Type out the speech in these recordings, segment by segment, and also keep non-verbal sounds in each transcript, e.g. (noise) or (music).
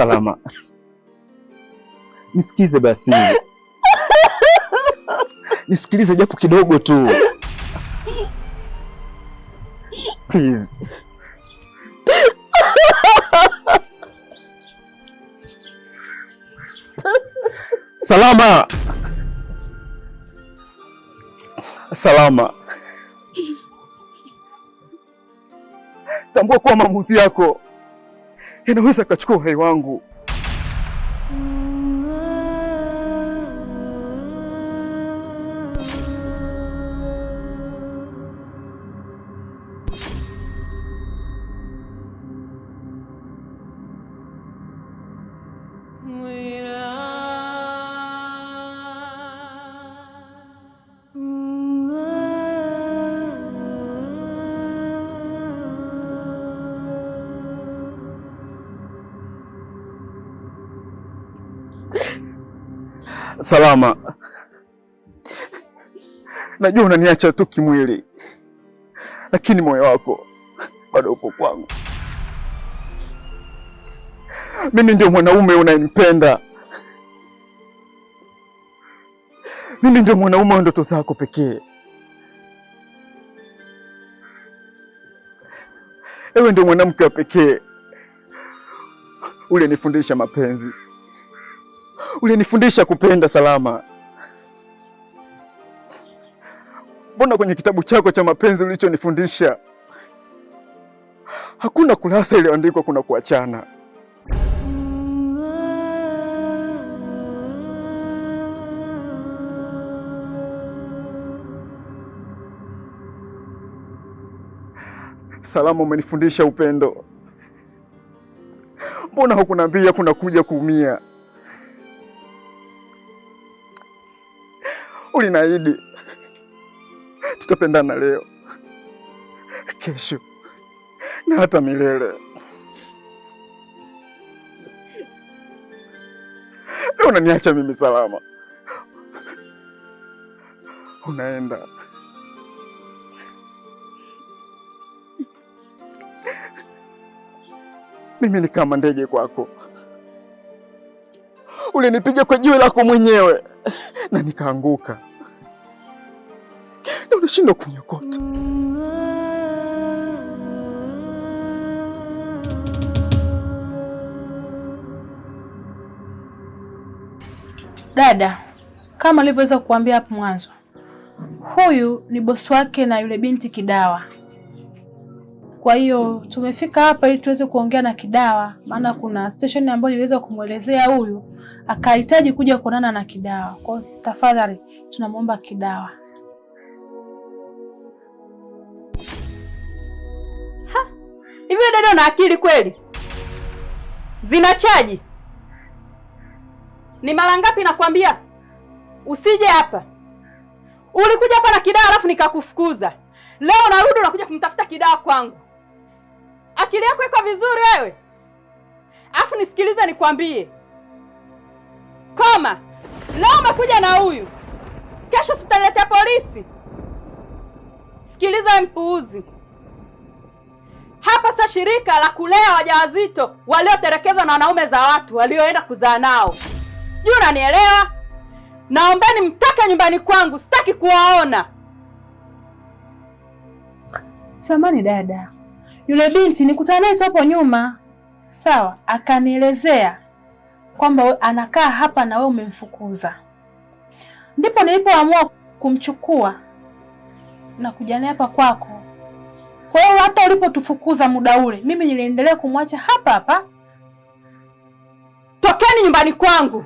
salama. Nisikize basi, nisikilize japo kidogo tu please. Salama, Salama, tambua kuwa maamuzi yako inaweza akachukua uhai wangu. salama. Najua unaniacha tu kimwili, lakini moyo wako bado uko kwangu. Mimi ndio mwanaume unayenipenda, mimi ndio mwanaume wa ndoto zako pekee. Ewe ndio mwanamke wa pekee ulinifundisha mapenzi ulinifundisha kupenda Salama. Mbona kwenye kitabu chako cha mapenzi ulichonifundisha hakuna kurasa iliyoandikwa kuna kuachana? Salama, umenifundisha upendo. Mbona hukuniambia kuna kuja kuumia? ulinaidi tutapendana leo, kesho na hata milele. Leo unaniacha mimi salama, unaenda mimi ni kama ndege kwako ulinipiga kwa jiwe lako mwenyewe na nikaanguka, na unashindwa kunyokota. Dada, kama alivyoweza kukuambia hapo mwanzo, huyu ni bosi wake na yule binti Kidawa. Kwa hiyo tumefika hapa ili tuweze kuongea na Kidawa, maana kuna station ambayo niliweza kumwelezea huyu akahitaji kuja kuonana na Kidawa. Kwa tafadhali tunamwomba Kidawa. Hivi dada na akili kweli zinachaji? Ni mara ngapi nakwambia usije hapa? Ulikuja hapa na Kidawa alafu nikakufukuza. Leo narudi unakuja kumtafuta Kidawa kwangu. Akili yako iko vizuri wewe? Alafu nisikilize nikwambie, koma leo umekuja na huyu, kesho sitaletea polisi. Sikiliza mpuuzi, hapa sio shirika la kulea wajawazito walioterekezwa na wanaume za watu walioenda kuzaa nao, sijui unanielewa? Naombeni mtoke nyumbani kwangu, sitaki kuwaona. Samani dada yule binti nikutana naye tu hapo nyuma, sawa, akanielezea kwamba anakaa hapa na wewe umemfukuza. Ndipo nilipoamua kumchukua na kuja naye hapa kwako. Kwa hiyo hata ulipotufukuza muda ule, mimi niliendelea kumwacha hapa hapa. Tokeni nyumbani kwangu!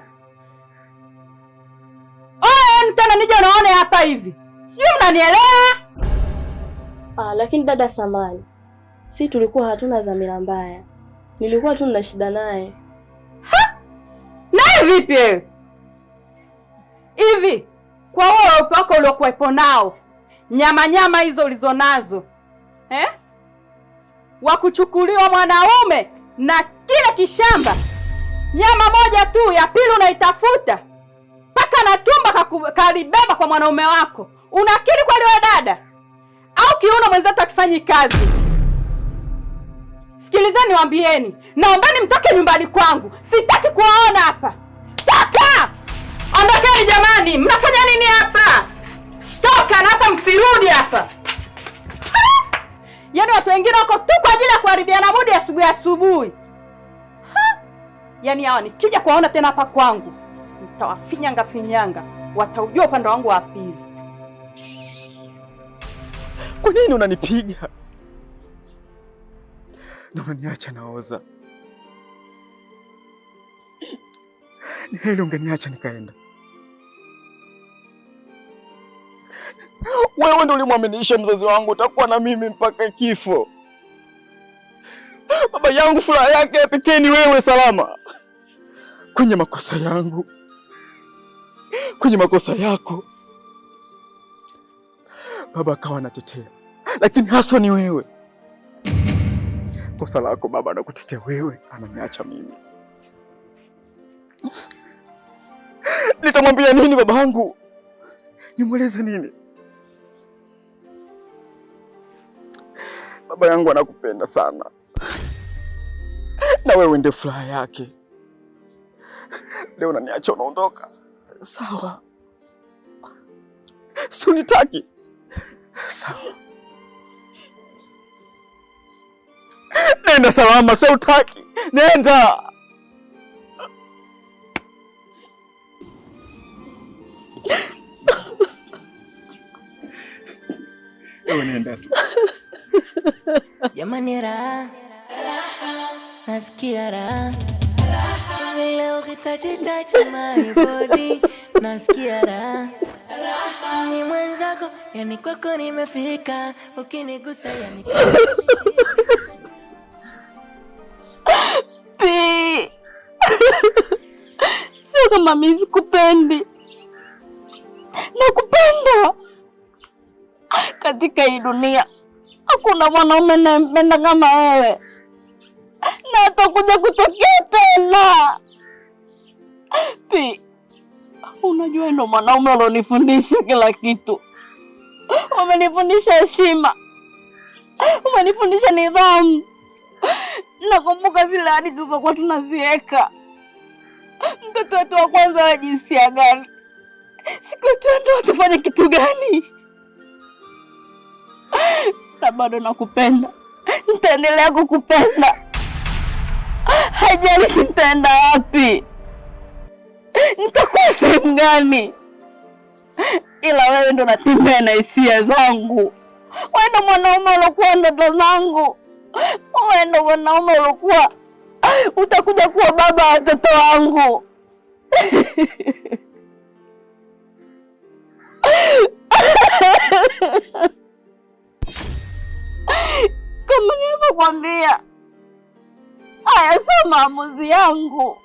Oye, yaani tena nije naone hapa hivi, sijui mnanielewa? Ah, lakini dada samani si tulikuwa hatuna dhamira mbaya, nilikuwa tu nina shida naye. Naye vipi wewe? Hivi kwa uwepo wako uliokuwepo nao, nyama nyama hizo ulizonazo eh? Wakuchukuliwa mwanaume na kile kishamba, nyama moja tu ya pili unaitafuta mpaka na tumba kalibeba kwa mwanaume wako. Unakiri kweli wewe dada, au kiuno mwenzetu akifanyi kazi? Sikilizeni waambieni, naombeni mtoke nyumbani kwangu, sitaki kuwaona hapa. Toka! Ondokeni jamani, mnafanya nini hapa? Toka na hapa, msirudi hapa. (laughs) Yaani watu wengine wako tu kwa ajili ya kuharibiana mudi asubuhi asubuhi. (laughs) Yaani hawa nikija kuwaona tena hapa kwangu, nitawafinyanga finyanga, wataujua upande wangu wa pili. Kwa nini unanipiga? (laughs) Ndio niacha naoza. Ni heri ungeniacha nikaenda. Wewe ndio ulimwaminisha mzazi wangu utakuwa na mimi mpaka kifo. Baba yangu furaha yake pekee ni wewe Salama. Kwenye makosa yangu, kwenye makosa yako, baba akawa anatetea, lakini haswa ni wewe kosa lako baba, anakutetea wewe, ananiacha mimi. Nitamwambia nini babangu? Nimweleze nini? Baba yangu anakupenda sana, na wewe ndio furaha yake. Leo unaniacha unaondoka, sawa? Si unitaki, sawa? Nenda salama, sio utaki. Nenda. Ewe nenda tu. Jamani raha. Nasikia raha. Leo kitajitaji my body. Nasikia raha. Ni mwenzako, yani kwako nimefika. Ukinigusa yani mami, sikupendi, nakupenda. Katika hii dunia hakuna mwanaume nayempenda kama wewe, na atakuja kutokea tena. Pi, unajua ndo mwanaume alonifundisha kila kitu. Umenifundisha heshima, umenifundisha nidhamu. Nakumbuka zile hadithi tulizokuwa tunazieka Mtoto wetu wa kwanza wa jinsia gani? Siku yetu ndoa tufanye kitu gani? Na bado nakupenda, nitaendelea kukupenda, haijalishi nitaenda wapi, nitakuwa sehemu gani, ila wewe ndo natembea na hisia zangu. Wewe ndo mwanaume uliokuwa ndoto zangu, wewe ndo mwanaume uliokuwa (laughs) utakuja kuwa baba wa watoto wangu. (laughs) Kama nilivyokwambia, haya sio maamuzi yangu,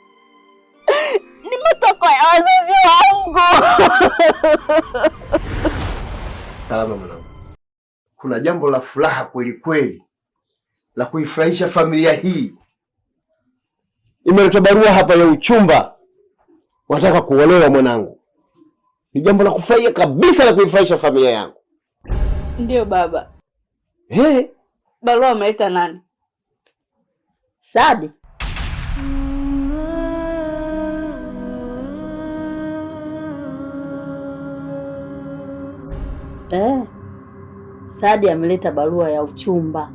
ni matoko ya wazazi wangu. (laughs) Salama mwanangu, kuna jambo la furaha kweli kweli la kuifurahisha familia hii imeleta barua hapa ya uchumba, wataka kuolewa mwanangu. Ni jambo la kufurahia kabisa la kuifurahisha familia yangu. ndio baba. Hey. barua ameleta nani? Sadi eh? Sadi ameleta barua ya uchumba,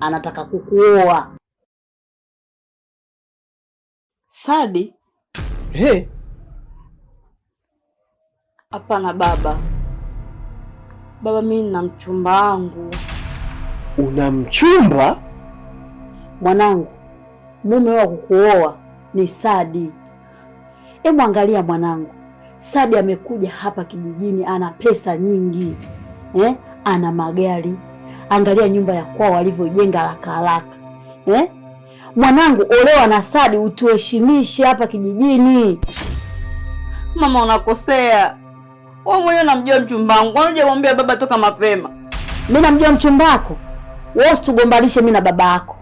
anataka kukuoa Sadi? Hapana, hey. Baba, baba, mimi nina mchumba wangu. Una mchumba? Mwanangu, mume wa kukuoa ni Sadi. Hebu angalia mwanangu, Sadi amekuja hapa kijijini, ana pesa nyingi eh? Ana magari, angalia nyumba ya kwao alivyojenga haraka haraka eh? Mwanangu, olewa na Sadi, utuheshimishe hapa kijijini. Mama, unakosea wewe mwenyewe. Namjua mchumba wangu, kwani hujamwambia baba toka mapema? Mi namjua mchumba wako, wewe usitugombanishe mi na baba yako.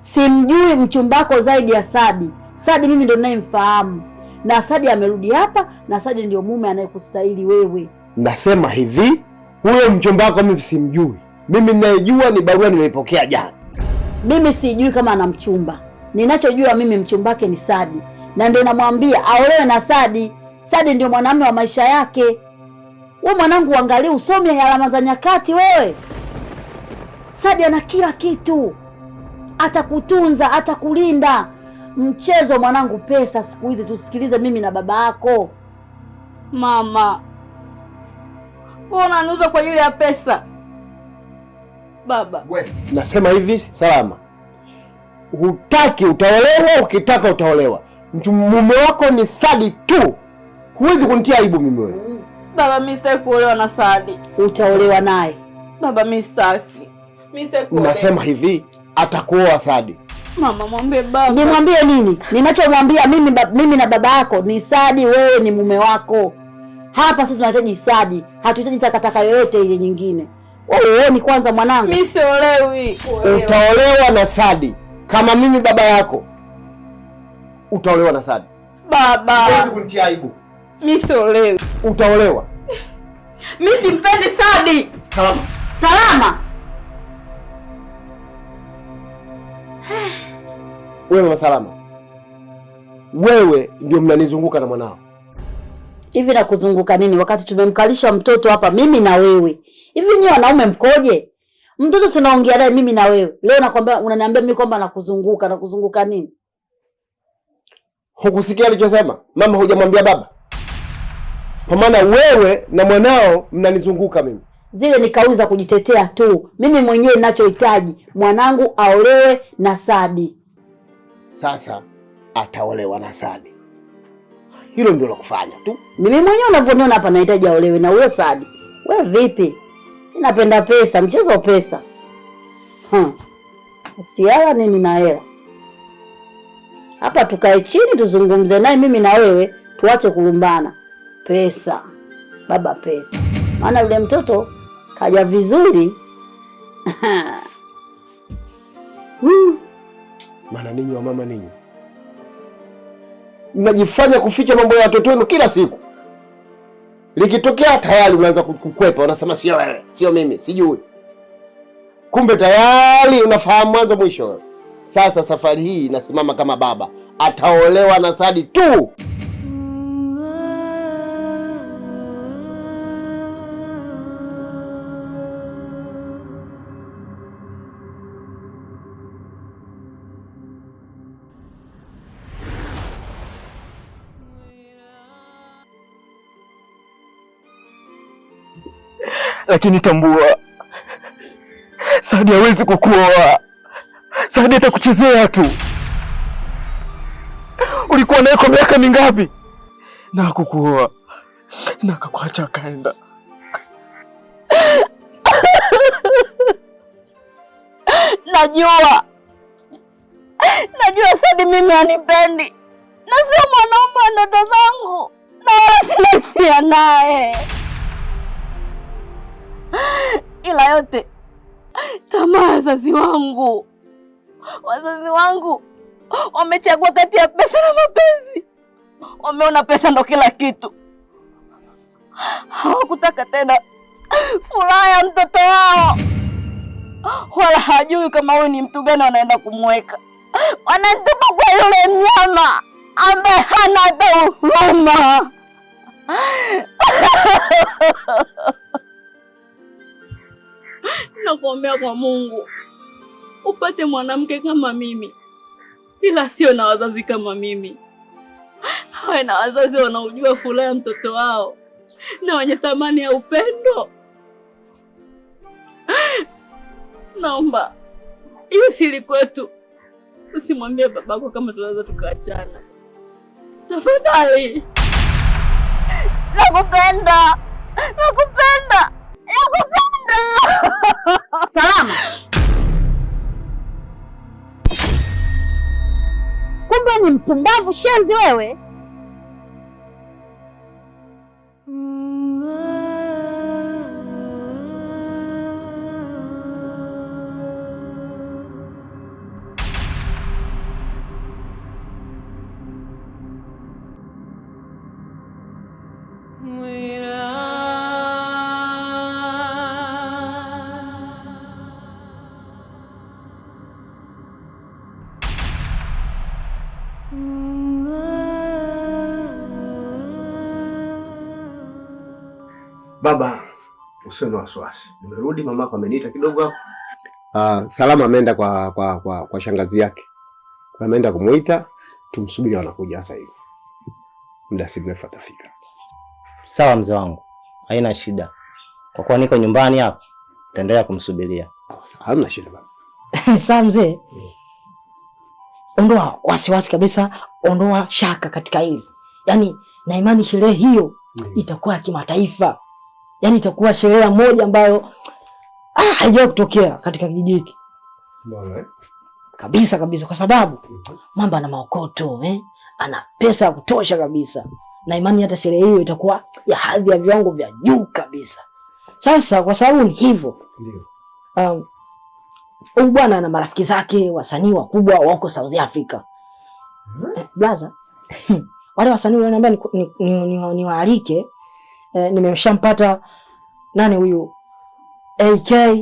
Simjui mchumba wako zaidi ya Sadi. Sadi mimi ndo ninayemfahamu, na Sadi amerudi hapa, na Sadi ndio mume anayekustahili wewe. Nasema hivi, huyo mchumba wako mimi simjui. Mimi ninayejua ni barua nimeipokea jana. Mimi sijui kama ana mchumba. Ninachojua mimi mchumba wake ni Sadi, na ndio namwambia aolewe na Sadi. Sadi ndio mwanamume wa maisha yake. We mwanangu, uangalie usome alama za nyakati. Wewe Sadi ana kila kitu, atakutunza, atakulinda. Mchezo mwanangu, pesa siku hizi. Tusikilize mimi na baba yako mama. Wewe unaniuza kwa ajili ya pesa? Baba, nasema hivi salama, hutaki utaolewa, ukitaka utaolewa. Mume wako ni Sadi tu, huwezi kunitia aibu mimi wewe. Baba, mimi sitaki kuolewa na Sadi. Utaolewa naye baba, mimi sitaki, mimi sitaki kuolewa. Nasema hivi, atakuoa Sadi. Mama, mwambie baba. Nimwambie nini? Ninachomwambia mimi, mimi na baba yako ni Sadi, wewe ni mume wako. Hapa sisi tunahitaji Sadi, hatuhitaji takataka yoyote ile nyingine. Uoni kwanza mwanangu? Mimi siolewi. Utaolewa na Sadi kama mimi baba yako, utaolewa na Sadi. Baba, huwezi kunitia aibu. Mimi siolewi. Utaolewa. Mimi simpendi Sadi. Salama. Salama. Wewe mama Salama, wewe ndio mnanizunguka na mwanao hivi na kuzunguka nini wakati tumemkalisha mtoto hapa mimi na wewe? Hivi ni wanaume mkoje? Mtoto tunaongea naye mimi na wewe, leo nakwambia, unaniambia mimi kwamba nakuzunguka. Nakuzunguka nini? Hukusikia alichosema mama? Hujamwambia baba? Kwa maana wewe na mwanao mnanizunguka mimi. Zile ni kauli za kujitetea tu. Mimi mwenyewe ninachohitaji mwanangu aolewe na Sadi. Sasa ataolewa na Sadi hilo ndio la kufanya tu. Mimi mwenyewe unavyoniona hapa nahitaji aolewe na huyo Sadi. Wewe vipi? Ninapenda pesa, mchezo pesa. Hmm. Siala nini na hela? Hapa tukae chini tuzungumze naye mimi na wewe, tuache kulumbana. Pesa. Baba pesa. Maana yule mtoto kaja vizuri. (laughs) Hmm. Maana ninyi wa mama ninyi mnajifanya kuficha mambo ya watoto wenu kila siku, likitokea tayari unaanza kukwepa, unasema sio wewe, sio mimi, sijui. Kumbe tayari unafahamu mwanzo mwisho. Sasa safari hii inasimama kama baba, ataolewa na Sadi tu. lakini tambua, Saadi hawezi kukuoa. Saadi atakuchezea tu. Ulikuwa naye kwa miaka mingapi na akukuoa na akakuacha akaenda? Najua, najua sadi mimi anipendi na sio mwanaume wa ndoto zangu, na wala sina hisia naye. (laughs) ila yote tamaa wazazi wangu. Wazazi wangu wamechagua kati ya pesa na mapenzi, wameona pesa ndo kila kitu. Hawakutaka tena furaha ya mtoto wao, wala hajui kama huyu ni mtu gani wanaenda kumweka. Wanatupa kwa yule mnyama ambaye hana hata uhuruma. (laughs) (laughs) nakuombea kwa Mungu upate mwanamke kama mimi, ila sio na wazazi kama mimi. Hawe na wazazi wanaojua furaha ya mtoto wao na wenye thamani ya upendo. (sighs) Naomba hiyo siri kwetu, usimwambie babako kama tunaweza tukaachana tafadhali. Nakupenda, nakupenda, nakupenda. (laughs) Salama. Kumbe ni mpumbavu shenzi wewe. Baba, usiwe na wasiwasi, nimerudi. Mamako ameniita kidogo hapo. Uh, Salama ameenda kwa, kwa, kwa, kwa shangazi yake, ameenda kumuita. Tumsubiri, wanakuja sasa hivi, muda si mrefu atafika. Sawa mzee wangu, haina shida, kwa kuwa niko nyumbani hapa, nitaendelea kumsubiria. Hamna shida baba. (laughs) Sawa mzee. hmm ondoa wasiwasi kabisa, ondoa shaka katika hili yani, na imani sherehe hiyo mm. itakuwa ya kimataifa, yani itakuwa sherehe moja ambayo ah, haijawahi kutokea katika kijiji hiki kabisa kabisa, kwa sababu mm-hmm. mamba ana maokoto eh? ana pesa ya kutosha kabisa, na imani hata sherehe hiyo itakuwa ya hadhi ya viwango vya juu kabisa. Sasa kwa sababu ni hivyo um, Huyu bwana na marafiki zake wasanii wakubwa wako South Africa. Hmm? Eh, Blaza. (laughs) Wale wasanii wanaambia niwaalike ni, ni, ni eh, nimeshampata nani huyu AK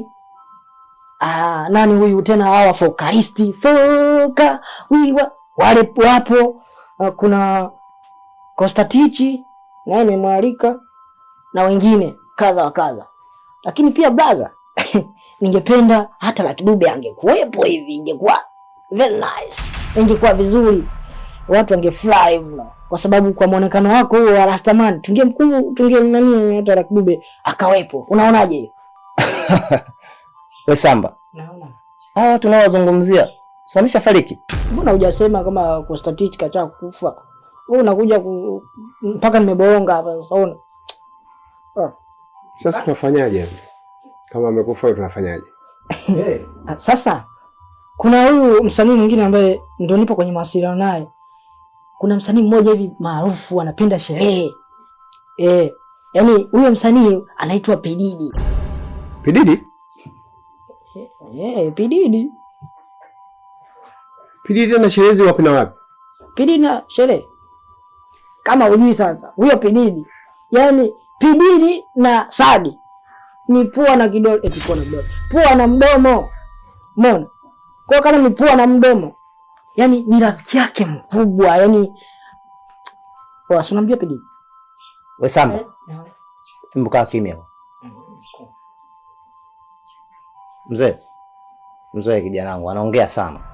ah, nani huyu tena hawa fokalisti foka wiwa wale wapo ah, kuna Kostatichi naye nimemwalika na wengine kadha wa kadha, lakini pia brother, ningependa hata Lucky Dube angekuwepo hivi, ingekuwa very nice, ingekuwa vizuri, watu wangefurahi mno, kwa sababu kwa muonekano wako huo wa Rastaman tunge mkuu tunge nani, hata Lucky Dube akawepo. Unaonaje hiyo? (laughs) Samba, naona hawa watu nawazungumzia swamisha fariki. Mbona hujasema kama Constantine kacha kufa? Wewe unakuja ku... mpaka nimebonga hapa sasa. Sasa tunafanyaje? Kama amekufa tunafanyaje? Hey. Eh, sasa kuna huyu msanii mwingine ambaye ndio nipo kwenye mawasiliano naye. Kuna msanii mmoja hivi maarufu anapenda sherehe. Eh, yani huyo msanii anaitwa Pididi. Pididi? Eh, Pididi. Pididi ana sherehe wapi na wapi? Pididi na sherehe. Kama hujui sasa, huyo Pididi. Yaani Pididi na Sadi ni pua na kidole eti eh, pua na kidole, pua na mdomo. Mbona Kwa kama ni pua na mdomo, yani ni rafiki yake mkubwa. Yani poa, si unamjua pidi wewe sana Mbuka eh? kimya mm, mzee, mzee, kijana wangu anaongea sana.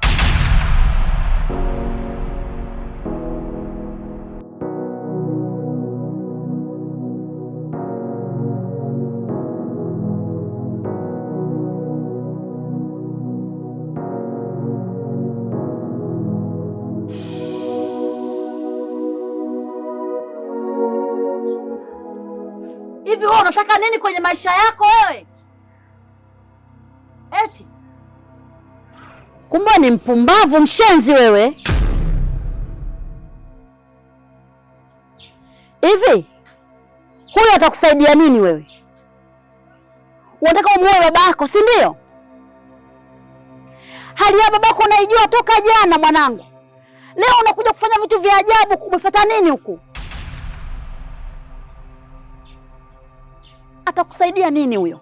Hivi wewe unataka nini kwenye maisha yako wewe? Eti kumbe ni mpumbavu mshenzi wewe. Hivi huyo atakusaidia nini wewe? Unataka umuoe babako, si ndio? Hali ya babako unaijua toka jana, mwanangu. Leo unakuja kufanya vitu vya ajabu. Umefuata nini huku? atakusaidia nini huyo?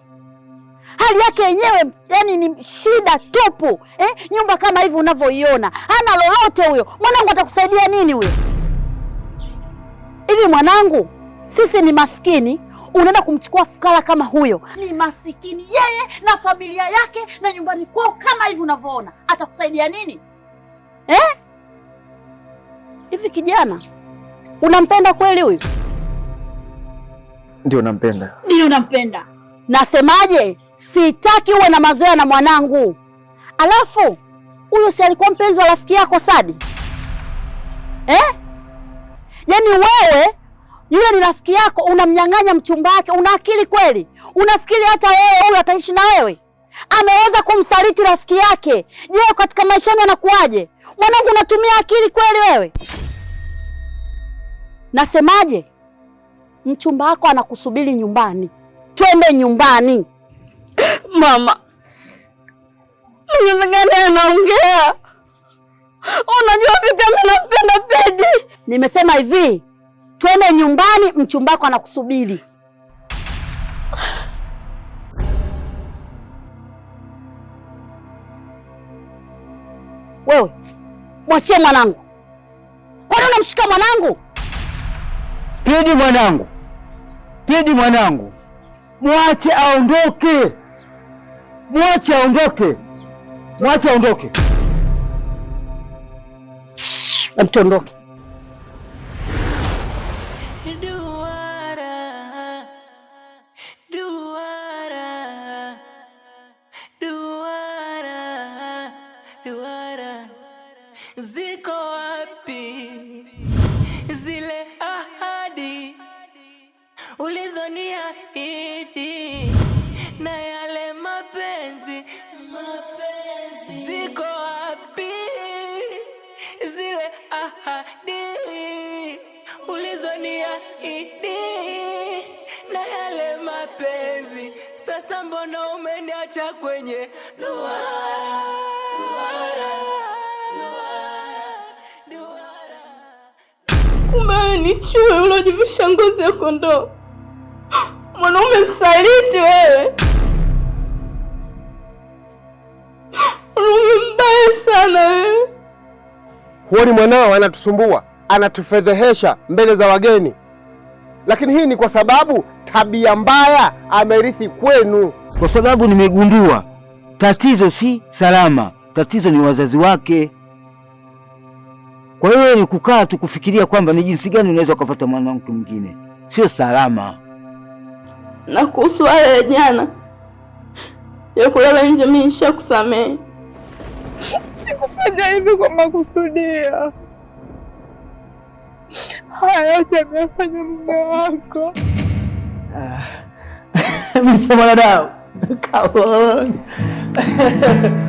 Hali yake yenyewe yani ni shida tupu eh? Nyumba kama hivi unavyoiona, hana lolote huyo. Mwanangu atakusaidia nini huyo? Hivi mwanangu, sisi ni maskini, unaenda kumchukua fukara kama huyo? Ni masikini yeye na familia yake na nyumbani kwao kama hivi unavyoona, atakusaidia nini eh? hivi Kijana, unampenda kweli huyu? Ndio nampenda, ndio nampenda. Nasemaje? Sitaki uwe na mazoea na mwanangu. Alafu huyu si alikuwa mpenzi wa rafiki yako Sadi eh? Yaani wewe yule ni rafiki yako, unamnyang'anya mchumba wake. Una akili kweli? Unafikiri hata wewe huyu ataishi na wewe? Ameweza kumsaliti rafiki yake. Je, katika maisha yenu anakuwaje? Mwanangu, unatumia akili kweli wewe? Nasemaje? mchumba wako anakusubiri nyumbani, twende nyumbani. Mama gani anaongea? Unajua vipi nampenda Pedi? Nimesema hivi, twende nyumbani, mchumba wako anakusubiri. Wewe mwachie mwanangu, kwani unamshika mwanangu? Pidi mwanangu, Pidi mwanangu, mwache aondoke, mwache aondoke, mwache aondoke, mtondoke. kwenye duara, duara, duara, ni chui uliojivisha ngozi ya kondoo, mwanaume msaliti wewe, mwanaume mbaya sana wewe. Huoni mwanao anatusumbua, anatufedhehesha mbele za wageni, lakini hii ni kwa sababu tabia mbaya amerithi kwenu kwa sababu nimegundua tatizo si Salama, tatizo ni wazazi wake. Kwa hiyo ni kukaa tu kufikiria kwamba ni jinsi gani unaweza ukapata mwanamke mwingine, sio Salama. Na kuhusu haya ya jana ya kulala nje, mimi nishakusamehe, sikufanya hivi kwa makusudia. Haya yote amefanya mume wako. Ah. (laughs) Mwanadamu (laughs) Kawon! (laughs)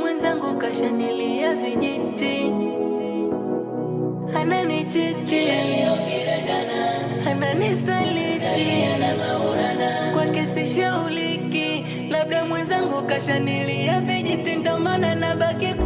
mwenzangu kashanilia vijiti, ananichiti ananisaliti, kwake sishauliki, labda mwenzangu kashanilia vijiti, ndo maana nabaki